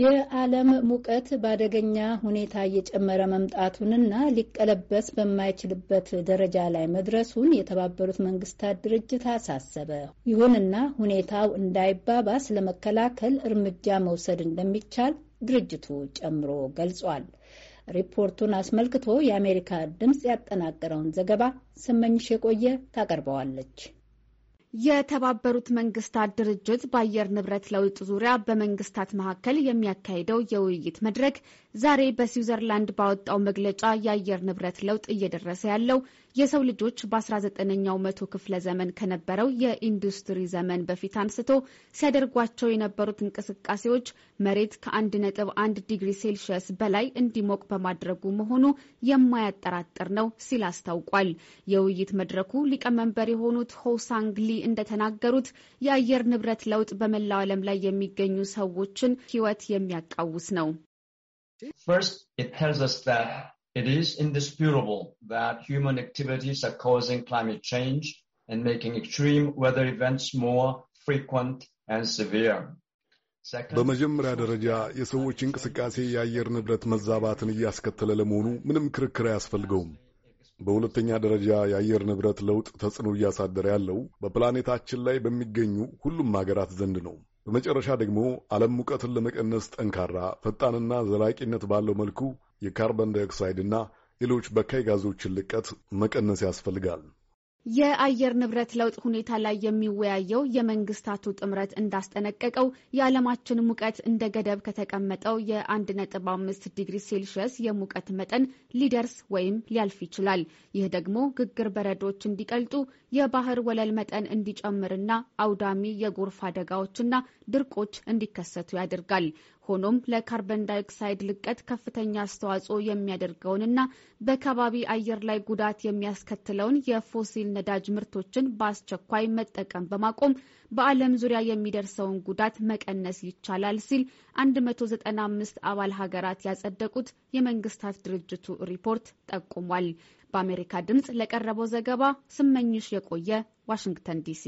የዓለም ሙቀት በአደገኛ ሁኔታ እየጨመረ መምጣቱንና ሊቀለበስ በማይችልበት ደረጃ ላይ መድረሱን የተባበሩት መንግስታት ድርጅት አሳሰበ። ይሁንና ሁኔታው እንዳይባባስ ለመከላከል እርምጃ መውሰድ እንደሚቻል ድርጅቱ ጨምሮ ገልጿል። ሪፖርቱን አስመልክቶ የአሜሪካ ድምፅ ያጠናቀረውን ዘገባ ስመኝሽ የቆየ ታቀርበዋለች። የተባበሩት መንግስታት ድርጅት በአየር ንብረት ለውጥ ዙሪያ በመንግስታት መካከል የሚያካሂደው የውይይት መድረክ ዛሬ በስዊዘርላንድ ባወጣው መግለጫ የአየር ንብረት ለውጥ እየደረሰ ያለው የሰው ልጆች በ19ኛው መቶ ክፍለ ዘመን ከነበረው የኢንዱስትሪ ዘመን በፊት አንስቶ ሲያደርጓቸው የነበሩት እንቅስቃሴዎች መሬት ከአንድ ነጥብ አንድ ዲግሪ ሴልሺየስ በላይ እንዲሞቅ በማድረጉ መሆኑ የማያጠራጥር ነው ሲል አስታውቋል። የውይይት መድረኩ ሊቀመንበር የሆኑት ሆሳንግ ሊ እንደተናገሩት የአየር ንብረት ለውጥ በመላው ዓለም ላይ የሚገኙ ሰዎችን ሕይወት የሚያቃውስ ነው። It is indisputable that human activities are causing climate change and making extreme weather events more frequent and severe. በመጀመሪያ ደረጃ የሰዎች እንቅስቃሴ የአየር ንብረት መዛባትን እያስከተለ ለመሆኑ ምንም ክርክር አያስፈልገውም። በሁለተኛ ደረጃ የአየር ንብረት ለውጥ ተጽዕኖ እያሳደረ ያለው በፕላኔታችን ላይ በሚገኙ ሁሉም ሀገራት ዘንድ ነው። በመጨረሻ ደግሞ ዓለም ሙቀትን ለመቀነስ ጠንካራ ፈጣንና ዘላቂነት ባለው መልኩ የካርበን ዳይኦክሳይድና ሌሎች በካይ ጋዞችን ልቀት መቀነስ ያስፈልጋል። የአየር ንብረት ለውጥ ሁኔታ ላይ የሚወያየው የመንግስታቱ ጥምረት እንዳስጠነቀቀው የዓለማችን ሙቀት እንደ ገደብ ከተቀመጠው የ1.5 ዲግሪ ሴልሺየስ የሙቀት መጠን ሊደርስ ወይም ሊያልፍ ይችላል። ይህ ደግሞ ግግር በረዶች እንዲቀልጡ፣ የባህር ወለል መጠን እንዲጨምርና አውዳሚ የጎርፍ አደጋዎችና ድርቆች እንዲከሰቱ ያደርጋል። ሆኖም ለካርበን ዳይኦክሳይድ ልቀት ከፍተኛ አስተዋጽኦ የሚያደርገውንና በከባቢ አየር ላይ ጉዳት የሚያስከትለውን የፎሲል ነዳጅ ምርቶችን በአስቸኳይ መጠቀም በማቆም በዓለም ዙሪያ የሚደርሰውን ጉዳት መቀነስ ይቻላል ሲል 195 አባል ሀገራት ያጸደቁት የመንግስታት ድርጅቱ ሪፖርት ጠቁሟል። በአሜሪካ ድምፅ ለቀረበው ዘገባ ስመኝሽ የቆየ ዋሽንግተን ዲሲ